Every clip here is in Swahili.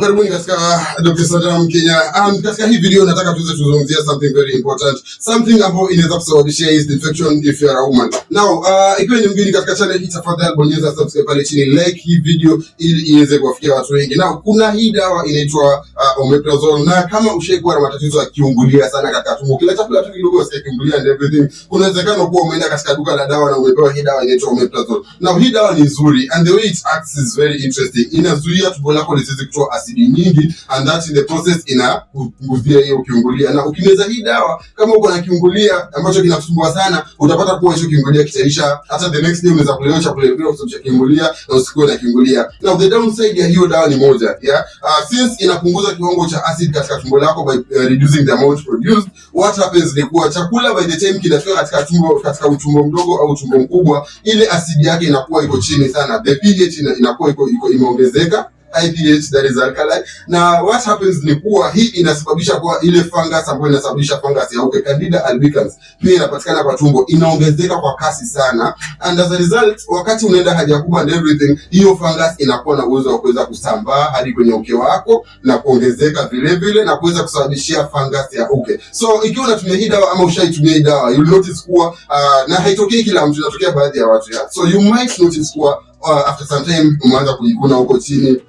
Karibuni katika ah, Dr. Saddam Kenya. Um, katika hii video nataka tuweze kuzungumzia something very important. Something ambayo inaweza kusababishia yeast infection if you are a woman. Now, uh, ikiwa ni mgeni katika channel hii tafadhali bonyeza subscribe pale chini, like hii video ili iweze kuwafikia watu wengi. Now, kuna hii dawa inaitwa uh, omeprazole na kama ushaikuwa na matatizo ya kiungulia sana katika tumbo, kila chakula tu kidogo usikie kiungulia and everything. Kuna uwezekano kuwa umeenda katika duka la dawa na umepewa hii dawa inaitwa omeprazole. Now, hii dawa ni nzuri and the way it acts is very interesting. Inazuia tumbo lako lisizikutoa asidi nyingi, and that's in the process inakupunguzia hiyo kiungulia. Na ukimeza hii dawa, kama uko na kiungulia ambacho kinakusumbua sana, utapata kuwa hicho kiungulia kitaisha, hata the next day unaweza kulewa chakula bila kusababisha kiungulia na usikuwe na kiungulia. Now the downside ya hiyo dawa ni moja yeah, uh, since inapunguza kiwango cha acid katika tumbo lako by uh, reducing the amount produced, what happens ni kuwa chakula by the time kinafika katika tumbo, katika utumbo mdogo au utumbo mkubwa, ile asidi yake inakuwa iko chini sana, the pH inakuwa iko imeongezeka IPH that is alkali. Na what happens ni kuwa hii inasababisha kwa ile fungus ambayo inasababisha fungus ya uke Candida albicans, pia inapatikana kwa tumbo, inaongezeka kwa kasi sana, and as a result, wakati unaenda haja kubwa and everything, hiyo fungus inakuwa na uwezo wa kuweza kusambaa hadi kwenye uke wako na kuongezeka vile vile na kuweza kusababishia fungus ya uke. So ikiwa unatumia hii dawa ama ushaitumia hii dawa, you notice kuwa uh, na haitokei kila mtu, inatokea baadhi ya watu ya. So you might notice kuwa uh, after some time umeanza kujikuna huko chini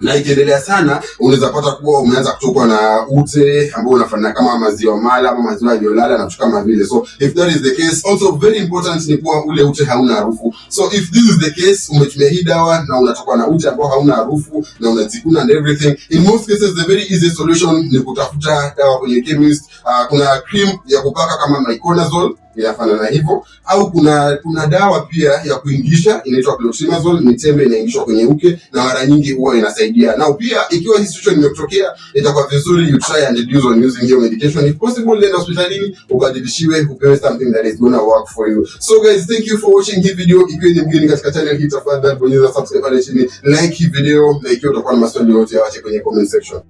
na ikiendelea sana, unaweza pata kuwa umeanza kutokwa na ute ambao unafanana kama maziwa mala ama maziwa yaliyolala na vitu kama vile. So if that is the case, also very important ni kuwa ule ute hauna harufu. So if this is the case, umetumia hii dawa na unatokwa na ute ambao hauna harufu na unajikuna and everything, in most cases the very easy solution ni kutafuta dawa kwenye chemist. Uh, kuna cream ya kupaka kama myconazole inafanana hivyo, au kuna kuna dawa pia ya kuingisha inaitwa clotrimazole, ni tembe inaingishwa kwenye uke na mara nyingi huwa inasaidia. Na pia ikiwa hii situation imetokea, itakuwa vizuri you try and reduce on using your medication if possible, then hospitalini ukadilishiwe, upewe something that is gonna work for you. So guys, thank you for watching hii video. Ikiwa ni mgeni katika channel hii, tafadhali bonyeza subscribe pale chini, like hii video, na ikiwa utakuwa na maswali yoyote, yaache kwenye comment section.